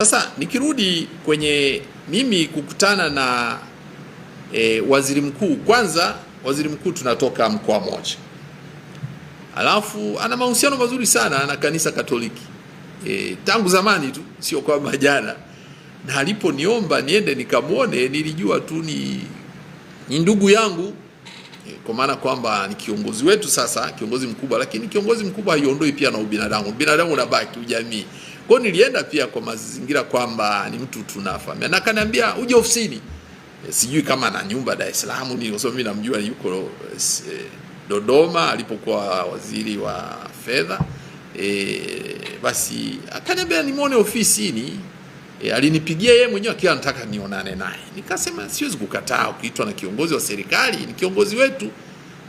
Sasa nikirudi kwenye mimi kukutana na e, waziri mkuu, kwanza waziri mkuu tunatoka mkoa mmoja, alafu ana mahusiano mazuri sana na kanisa Katoliki e, tangu zamani tu, sio kwamba jana, na aliponiomba niende nikamwone nilijua tu ni ni ndugu yangu e, kwa maana kwamba ni kiongozi wetu sasa, kiongozi mkubwa. Lakini kiongozi mkubwa haiondoi pia na ubinadamu, ubinadamu unabaki, ujamii kwa hiyo nilienda pia kwa mazingira kwamba ni mtu tunafahamiana, na kaniambia uje ofisini. E, sijui kama na nyumba Dar es Salaam ni kwa sababu mimi namjua yuko e, Dodoma alipokuwa waziri wa fedha. E, basi akaniambia nimwone ofisini. E, alinipigia yeye mwenyewe akiwa anataka nionane naye. Nikasema siwezi kukataa, ukiitwa na kiongozi wa serikali ni kiongozi wetu.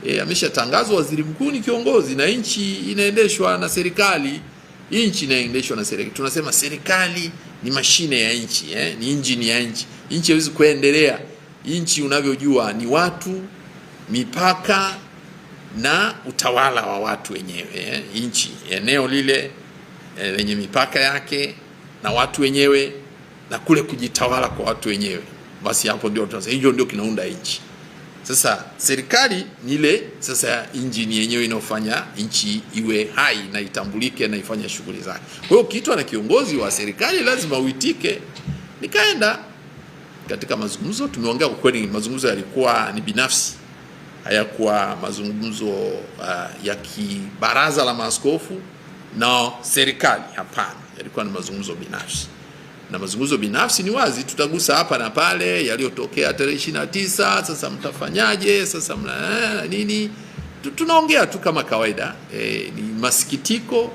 E, ameshatangazwa waziri mkuu ni kiongozi, na nchi inaendeshwa na serikali nchi inaendeshwa na serikali. Tunasema serikali ni mashine ya nchi eh? Ni injini ya nchi. Nchi haiwezi kuendelea, nchi unavyojua ni watu, mipaka na utawala wa watu wenyewe eh? Nchi eneo lile eh, lenye mipaka yake na watu wenyewe na kule kujitawala kwa watu wenyewe, basi hapo ndio tunasema hiyo ndio kinaunda nchi. Sasa serikali ni ile sasa injini yenyewe inayofanya nchi iwe hai na itambulike na ifanye shughuli zake. Kwa hiyo ukiitwa na kiongozi wa serikali lazima uitike. Nikaenda katika mazungumzo, tumeongea kwa kweli, mazungumzo yalikuwa ni binafsi, hayakuwa mazungumzo uh, ya kibaraza la maaskofu na serikali. Hapana, yalikuwa ni mazungumzo binafsi na mazungumzo binafsi, ni wazi tutagusa hapa na pale yaliyotokea tarehe ishirini na tisa. Sasa mtafanyaje? Sasa mna eh, nini? Tunaongea tu kama kawaida e, ni masikitiko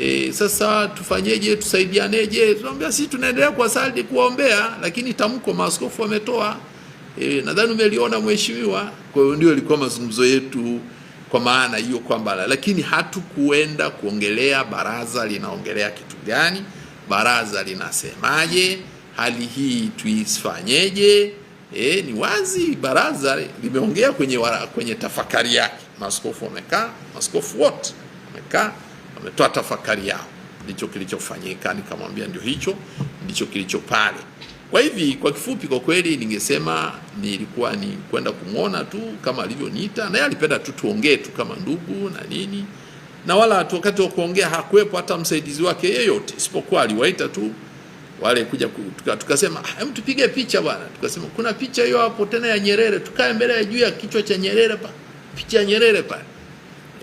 e, sasa tufanyeje? Tusaidianeje? Tunaambia sisi tunaendelea kuwasali kuombea, lakini tamko maaskofu wametoa e, nadhani umeliona mheshimiwa. Kwa hiyo ndio ilikuwa mazungumzo yetu kwa maana hiyo kwamba, lakini hatukuenda kuongelea baraza linaongelea kitu gani baraza linasemaje, hali hii tuifanyeje? E, ni wazi baraza limeongea kwenye, kwenye tafakari yake. Maaskofu wamekaa, maaskofu wote wamekaa, wametoa tafakari yao. Ndicho kilichofanyika, nikamwambia ndio hicho ndicho kilicho pale. Kwa hivi kwa kifupi, kwa kweli ningesema nilikuwa ni kwenda kumwona tu kama alivyoniita, naye alipenda tu tuongee tu kama ndugu na nini na wala wakati wa kuongea hakuwepo hata msaidizi wake yeyote, isipokuwa aliwaita tu wale kuja tuka, tukasema ah, hem, tupige picha bwana. Tukasema kuna picha hiyo hapo tena ya Nyerere, tukae mbele ya juu ya kichwa cha Nyerere pa picha ya Nyerere pa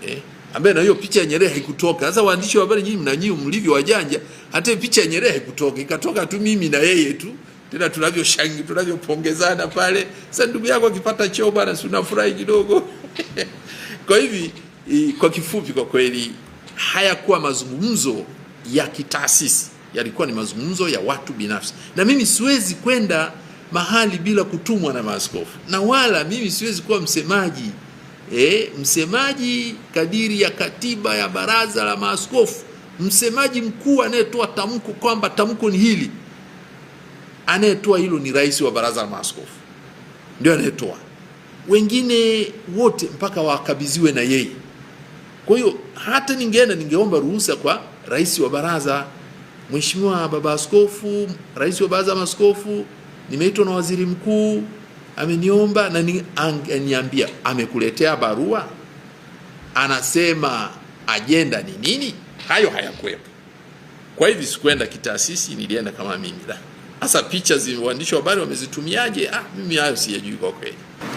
eh, ambaye na hiyo picha ya Nyerere haikutoka. Sasa waandishi wa habari nyinyi mna nyinyi mlivyo wajanja, hata picha ya Nyerere haikutoka, ikatoka tu mimi na yeye tu, tena tunavyoshangi tunavyopongezana pale. Sasa ndugu yako akipata cheo bwana, si unafurahi kidogo? kwa hivi kwa kifupi, kwa kweli hayakuwa mazungumzo ya kitaasisi, yalikuwa ni mazungumzo ya watu binafsi, na mimi siwezi kwenda mahali bila kutumwa na maaskofu, na wala mimi siwezi kuwa msemaji e, msemaji kadiri ya katiba ya baraza la maaskofu, msemaji mkuu anayetoa tamko kwamba tamko ni hili, anayetoa hilo ni rais wa baraza la maaskofu, ndio anayetoa. Wengine wote mpaka wakabidhiwe na yeye. Kwa hiyo hata ningeenda ningeomba ruhusa kwa rais wa baraza, Mheshimiwa Baba Askofu, rais wa baraza maskofu, nimeitwa na waziri mkuu ameniomba na ni, niambia amekuletea barua anasema ajenda ni nini? Hayo hayakuwepo. Kwa hivyo sikuenda kitaasisi, nilienda kama mimi da. Hasa picha zimeandishwa habari wamezitumiaje? Ah, mimi hayo siyajui kwa kweli.